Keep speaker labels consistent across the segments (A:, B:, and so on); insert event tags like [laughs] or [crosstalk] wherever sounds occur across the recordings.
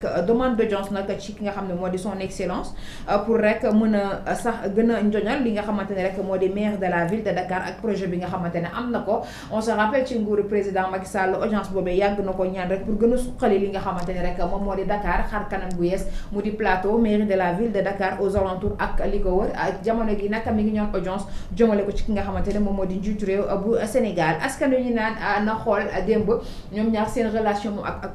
A: demande d'audience nag ci ki nga xam ne moo di son excellence euh, pour rek mën euh, sax gën a li nga xamante ne rek moo di maire de la ville de Dakar ak projet bi nga xamante ne am na ko on se rappelle ci nguuru président Macky Sall audience boobee yàgg na ko ñaan rek pour gën a suqali li nga xamante ne rek moom moo di Dakar xar kanam bu yees mu di plateau mairie de la ville de Dakar aux alentours ak li ko wër jamono gi nag mi ngi ñoon audience jëmale ko ci ki nga xamante ne moom moo di njiitu réew bu Sénégal askan wi ñu naan euh, na xool démb ñoom ñaar seen relation moom ak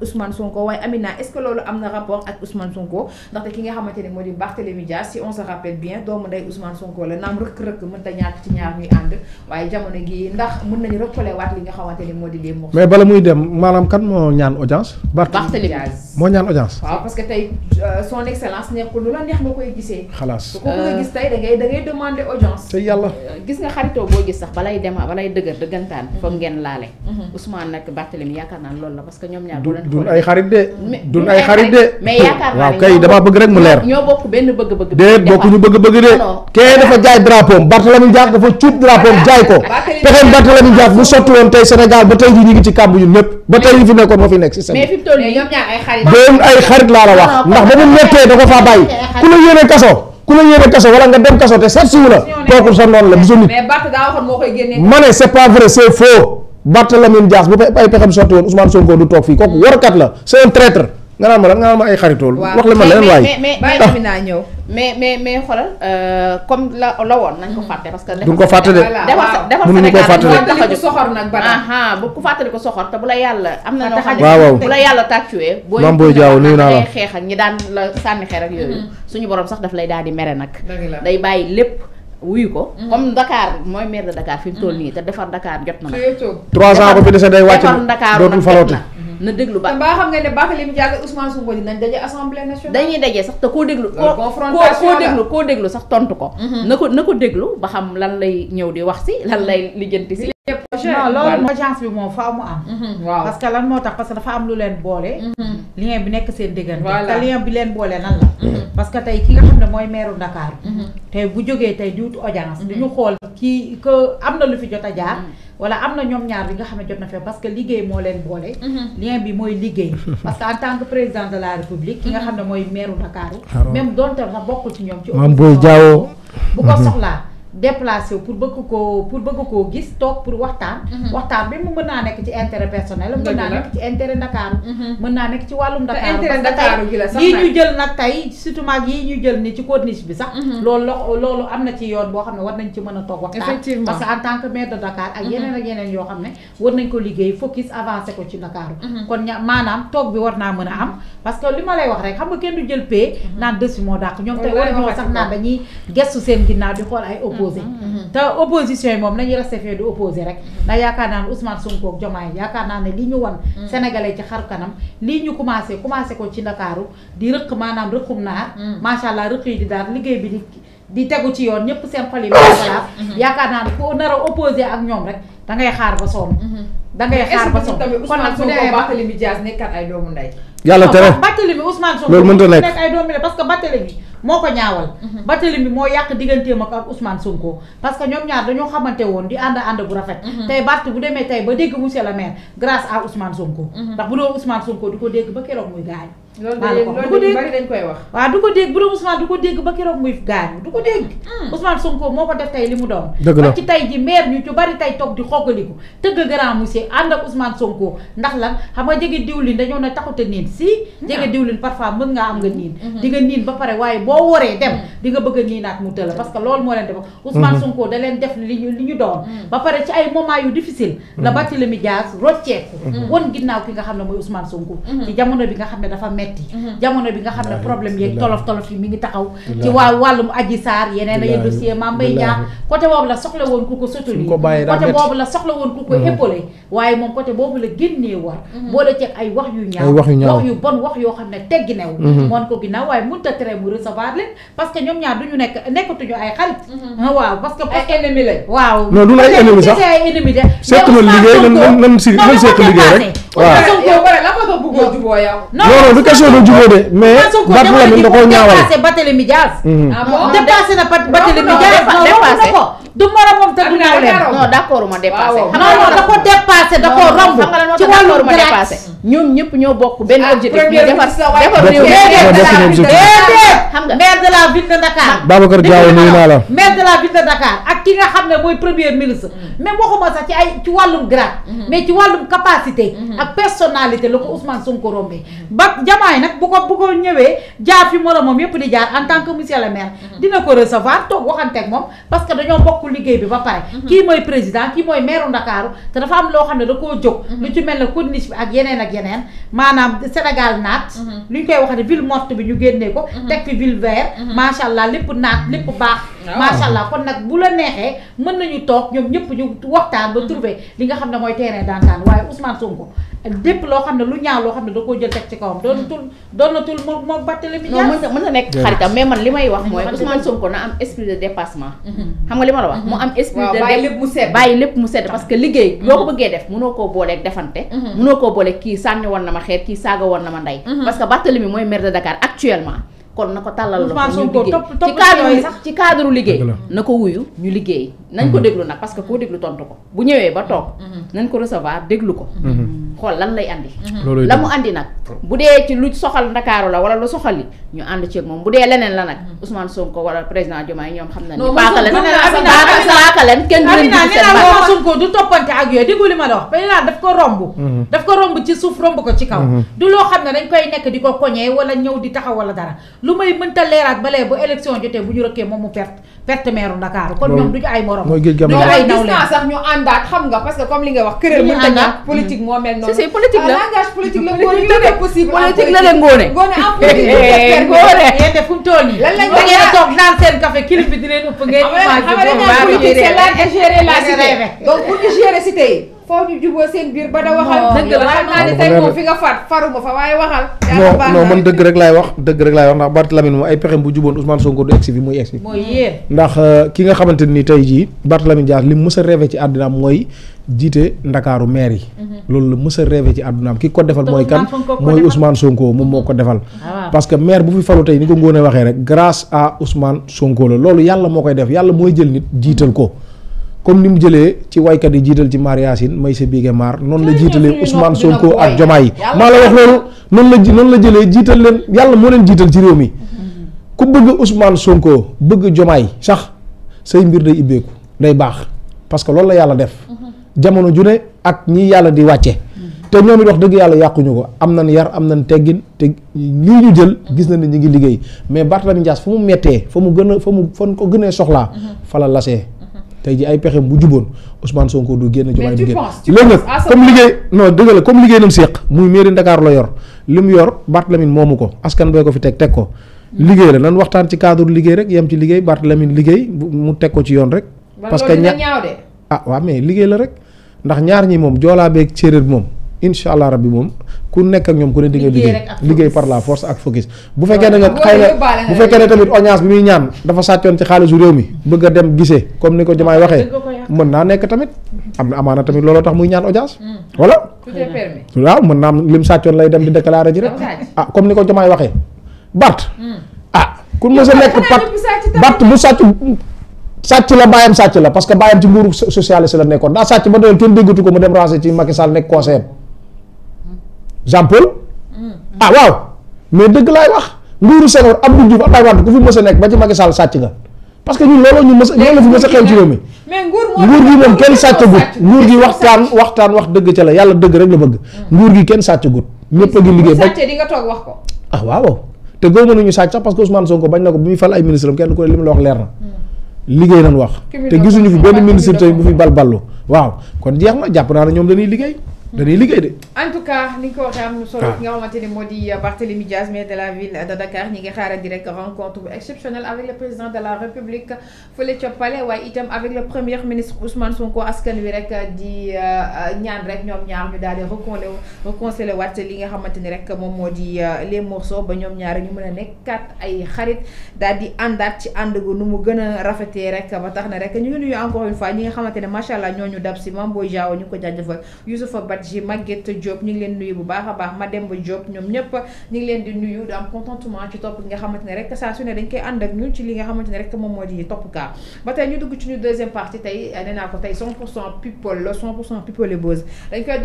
A: ak am na rapport ak Ousmane Sonko ndaxte ki nga xamante ne moo di Barthélémy Dias si on se rappelle bien doomu ndey Ousmane Sonko la naam rëkk-rëkk mën ta ci ñaar ñuy ànd waaye jamono gi ndax mën nañu rëkkale waat li nga xamante ne moo di les mais bala
B: muy dem maanaam kan moo ñaan audience Barthélémy Dias moo ñaan audience. waaw
A: parce que tey euh, son excellence nekkul lu la neex nga koy gisee.
B: xalaas ku nga gis
A: tey da ngay da ngay demander audience. te yàlla euh, gis nga xaritoo boo gis sax balay dem balay dëggantaan. foog ngeen laale. Mhm. Ousmane nag Barthélemy yaakaar naa loolu la parce que ñoom ñaar. du du ay
B: xarit de. du ay xarit de mais yaakaar naa ne waaw kay damaa bëgg rek mu leer.
A: ñoo bokk bëgg-bëgg. déet bokkuñu bëgg-bëgg de.
B: kee dafa jaay drapeau am Barthélemy Dias dafa cuub drapeau am jaay ko. pexeem Barthélemy ba tey li fi nekkoon moo fi nekk si seen.
A: mais ay xarit.
B: laa la wax ndax ba mu méttee da ko faa bàyyi ku la yéene kaso. ku la yéene kaso wala nga dem kaso te seet siwu la kooku sa noonu la bisu nit ma ne c'est pas vrai c'est faux Barthélémy Dias bu ay pexem sotti woon Ousmane Sonko du toog fii kooku warkat la c'est un traître nga naan ma lan nga naan ma ay xaritool wax la ma leneen
A: waaye mais mais mais xoolal euh, comme la la woon nañ ko mm-hmm. fàtte parce que. duñ ko fàtte de defar Sénégal ko soxor nag bana ko soxor te bu yàlla am na taxañ bu la yàlla tàccuwee booy booy jaaw nuyu naa daan la sànni xeer yooyu mm-hmm. suñu borom sax daf lay daal di mere nag day bàyyi lépp ko mm-hmm. comme Dakar mooy maire nii te defar Dakar jot na nag trois ans ba fi dese day dootul falooti na déglu ba. te xam nga ne Barthélémy Dias ak Ousmane Sonko dinañ daje assemblée nationale. dañuy daje sax te koo déglu. confrontation koo déglu koo déglu sax tontu ko. Mhm. na ko na ko déglu ba xam lan lay ñëw di wax si lan lay mhm. lijjanti si. non loolu agence bi moom faaw mu am. Mhm. waaw parce lan moo tax parce que dafa am lu leen boole. lien bi nekk seen diggante. te lien bi leen boole nan la. parce que tey kii xam ne mooy meeru Dakar. tey bu jógee tey di wut audience. dañu xool kii que am na lu fi jot a jaar. wala am na ñoom ñaar bi nga xam ne jot na fee parce que liggéey moo leen boolee mhm. lien bi mooy liggéey. [laughs] parce que en tant que président de la république. ki nga mhm. xam ne mooy maire Ndakaaru. même donte sax bokkul ci ñoom. ci maam Boye Diawo bu ko mhm. soxlaa. déplacé wu pour bëgg ko pour bëgg ko gis toog pour waxtaan. Mhm. waxtaan bi mu mën naa nekk ci intérêt personnel. mën naa nekk ci intérêt Ndakaaru. Mhm. mën naa nekk ci wàllum Ndakaaru. te intérêt yii ñu jël nag tey surtout mag ñu jël ni ci corniche bi sax. Mhm. loolu la loolu am na ci yoon boo xam ne war nañ ci mën a toog waxtaan. effectivement parce que en tant que maire de Dakar. ak yeneen ak yeneen yoo xam ne war nañ ko liggéey focus avancé ko ci Ndakaaru. kon ña maanaam toog bi war naa mën a am parce que li ma lay wax rek xam nga kenn du jël pee. naan dessus moo opposé mm-hmm. Mm-hmm. te opposition yi moom nañu resté fee di opposé rek mm-hmm. ndax yaakaar naa ne Ousmane Sonko ak Diomaye yaakaar naa ne li ñu wan sénégalais ci xaru kanam lii ñu commencé commencé ko ci Ndakaaru di rëq maanaam rëqum naar macha allah rëq yi di daal liggéey bi di tegu ci yoon ñëpp seen xol yi voilà yaakaar naa ne ku nar ak ñoom rek da ngay xaar ba sonn da ngay xaar ba sonn kon nag bu demee Barthélémy Dias nekkat ay doomu ndey yàlla tere Barthélémy Ousmane Sonko loolu mënta nekk ay moo ko ñaawal mhm. Barthélémy moo yàq digganteem ak ak Ousmane Sonko parce que ñoom ñaar dañoo xamante woon di ànd ànd bu rafet mhm. tey Barth bu demee tey ba dégg monsieur le maire grâce à Ousmane ko mhm. ndax bu doon Ousmane Sonko di ko dégg ba keroog muy gaañ loolu de koy wax waaw du ko dégg bu doon Ousmane ko dégg ba keroog muy gaañu du ko dégg hmm. Ousmane Sonko moo ko def tey li mu doon ba ci tey ji maire ñu ci bari tey toog di xoogaliku tëgg grand monsieur ànd ak Ousmane Sonko ndax lan xam nga jege hmm. am nga niin hmm. di nga niin ba pare waaye boo waree dem di nga bëgg a niinaat mu tëla parce que loolu moo leen def Ousmane Sonko da leen def ci ay moment yu difficile la Barthélémy Dias rocceeku won ginnaaw ki nga xam ne mooy Ousmane Sonko ci jamono bi nga xam ne dafa metti mhm. jamono bi nga xam ne problème yeeg tolof tolof yi mi ngi taxaw ci waa wàllum aji saar yeneen ay dossier Mame Mbaye Niang ko soutenir boobu la soxla woon ku ko mhm. épaulé waaye moom côté boobu la génnee war mhm. boole ceeg ay wax yu ñaaw wax yu bon wax yoo xam ne teggi new moon ko ginnaaw waaye mënut a tere parce que ñoom ñaar duñu nekk nekkatuñu ay xarit ah, waaw parce que ay ennemi lañ waaw non du ay sax ay liggéey nan
B: nan liggéey rek
A: bëggoo juboo yow. non non du question de juboo de mais. Barthélémy da koo ñaawal du moromam te du ñaaw leen non d'accord ma dépassé da ko dépassé da ko romb ci wàllu dépassé ñoom ñëpp ñoo bokk benn ah, maire de la ville de Dakar ak ki nga xam ne mooy premier ministre mm-hmm. même waxuma sax ci ay ci wàllum grade mm-hmm. mais ci wàllum capacité mm-hmm. ak personnalité la ko Ousmane Sonko rombee ba jamaay nag bu ko bu ko ñëwee jaar fi moromam yëpp di jaar en tant que monsieur le maire dina ko recevoir toog waxante ak moom parce que dañoo bokk bokk liggéey bi ba pare mhm. kii mooy président kii mooy maire Ndakaaru te dafa am loo xam ne da koo jóg mhm. lu ci mel ne corniche bi ak yeneen ak yeneen maanaam Sénégal naat lu mhm. ñu koy wax ne ville morte bi ñu génnee ko teg fi ville verte macha allah lépp naat lépp baax macha allah kon nag bu la neexee mën nañu toog ñoom ñëpp ñu waxtaan ba trouver li nga xam ne mooy terrain d'entente waaye Ousmane Sonko lépp loo xam ne lu ñaaw loo xam ne da koo jël teg ci kawam doon tul doon na tul moom moom Barthélémy Dias mën na li may wax mooy Ousmane Sonko na am esprit de dépassement mhm. ma la wax mu am esprit de bàyyi lépp mu sedd bàyyi lépp mu sedd parce que liggéey loo mhm. ko bëggee def mënoo koo booleeg defante mhm. mënoo koo booleeg kii sànni woon na ma xeer kii saaga woon na ma ndey parce que Barthélémy mooy maire de Dakar actuellement kon na ko tàllal la ko ñu liggéey ci cadre liggéey na ko wuyu ñu liggéey nañ ko mhm. déglu nag parce que koo déglu tontu ko bu ñëwee ba toog mhm. nañ ko recevoir déglu ko mhm. xool lan lay andi mhm. la mu andi nag bu dee ci lu soxal ndakaaru la wala lu soxal li ñu ànd ceeg moom bu dee leneen la nag mhm. Ousmane Sonko wala président Diomaye ñoom xam na ni paaka leen paaka leen kenn du leen di seen baat Sonko du toppante ak yooyu président daf ko romb mhm. daf ko romb du loo moom mu perte perte meeru sax ñu àndaat xam nga parce comme li nga wax kërël mënta ñàkk politique moo mel noonu. si si politique la ah, langage politique la Ngone la possible. politique la de Ngone. Ngone en politique eh, Ngone. Eh, yéen de fu mu toll nii. lan lañ bëgg a toog naan seen café kilif bi di leen ëpp ngeen. xam nga xam nga dañoo politique c'est la gérer la cité donc pour ñu gérer cité yi. foo ñu juboo seen biir ba da waxal. dëgg fa waaye waxal. non non man
B: dëgg rek laay wax dëgg rek laay wax ndax lamin moom ay pexem bu juboon Ousmane Sonko du egsi bi muy egsi. mooy ndax euh, ki nga xamante ni tey jii Barthélemy Dias li mu mës a rêvé ci àddinaam mooy jiite ndakaaru meer yi. Mhm. loolu la mës a rêvé ci àddunaam ki ko defal mooy kan mooy Ousmane Sonko moom moo ko defal. Ah, parce que maire bu fi falu tey ni ko ngóone waxee rek grâce a Ousmane Sonko la loolu yàlla moo koy def yàlla mooy jël nit jiital ko comme ni mu jëlee ci waykat yi jiital ci Mar Yacine may sa biige Mar noonu la jiitalee Ousmane Sonko ak Jomaay maa la wax loolu noonu la noonu la jëlee jiital leen yàlla moo leen jiital ci réew mi ku bëgg Ousmane Sonko bëgg Jomaay sax say mbir day ibbeeku day baax parce que loolu la yàlla def jamono ju ne ak ñi yàlla di wàcce te ñoom it wax dëgg yàlla yàquñu ko am na nañ yar am nañ teggin te lii ñu jël gis na ne ñu ngi liggéey mais Barthélemy Dias fa mu mettee fa mu gën a fa mu fan ko gënee soxlaa fa la tey ji ay pexe bu juboon Ousmane Sonko du génn Diomaye du génn léegi nag comme liggéey non dëgg la comme liggéey nam séq muy mairie Dakar la yor li mu yor Bartlamine moomu ko askan bee ko fi teg teg ko hmm. liggéey la nan waxtaan ci cadre liggéey rek yem ci liggéey Bartlamine liggéey mu teg ko ci yoon rek parce que ña ah waaw mais liggéey la rek ndax ñaar ñi moom joolaa beeg séeréer moom incha allah bi moom ku nekk ak ñoom ku ne di nga liggéey liggéey par la force ak focus bu fekkee ne nga xëy na bu fekkee ne tamit oñaas bi muy ñaan dafa sàccoon ci xaalisu réew mi bëgg a dem gisee comme ni ko jamaay ah, waxee mën naa nekk tamit am na amaana tamit looloo tax muy ñaan oñaas hmm. voilà waaw mën naa am lim sàccoon lay dem di déclarer ji rek ah comme ni ko jamaay waxee Bart hmm. ah ku mës a nekk pat Bart bu sàcc sàcc la bàyyam sàcc la parce que bàyyam ci nguuru socialiste Jean Paul. ah waaw mais dëgg laay wax nguuru Senghor Abdou Diouf Abdoulaye Wade ku fi mës a nekk ba ci Macky Sall sàcc nga parce que ñun looloo ñu mës a fi mës xew ci réew mi.
A: nguur gi moom kenn sàccagut nguur gi waxtaan
B: wax dëgg ca yàlla dëgg rek la bëgg. Mm. nguur gi kenn sàccagut. ñëpp a ngi liggéey ba sàccee
A: di nga toog wax ko.
B: ah waaw te góob mënuñu sàcc sax parce que Ousmane Sonko bañ na ko bi muy fal ay ministre am kenn ku ne li mu la wax leer na. Mm. liggéey nañ wax. te gisuñu fi benn ministre tey bu fi balballu waaw kon jeex na jàpp naa ne ñoom dañuy liggéey dañuy liggéey de.
A: en tout cas ni nga ko ah. moo di euh, Barthélémy Dias maire de la ville de Dakar ñi ngi xaarandi rek rencontre bu exceptionnelle avec le président de la République fële ca waaye itam avec le premier ministre Ousmane Sonko askan wi rek euh, di euh, ñaan rek ñoom ñaar ñu daal di reconcilier ni rek moom moo di les morceaux ba ñoom ñaar ñu mën a nekkaat ay xarit daal àndaat ci ànd gu nu mu gën rafetee rek ba tax na rek ñu ngi nuyu encore une fois ñi nga xamante Badji Maguette Diop ñu ngi leen nuyu bu baax a baax Mademba Diop ñoom ñëpp ñu ngi leen di nuyu di am contentement ci topp nga xamante ne rek saa su ne dañ koy ànd ak ñun ci li nga xamante ne rek moom moo di topp kaa ba tey ñu dugg ci ñu deuxième partie tey nee naa ko tey 100 pour cent people 100 pour cent people et dañ koy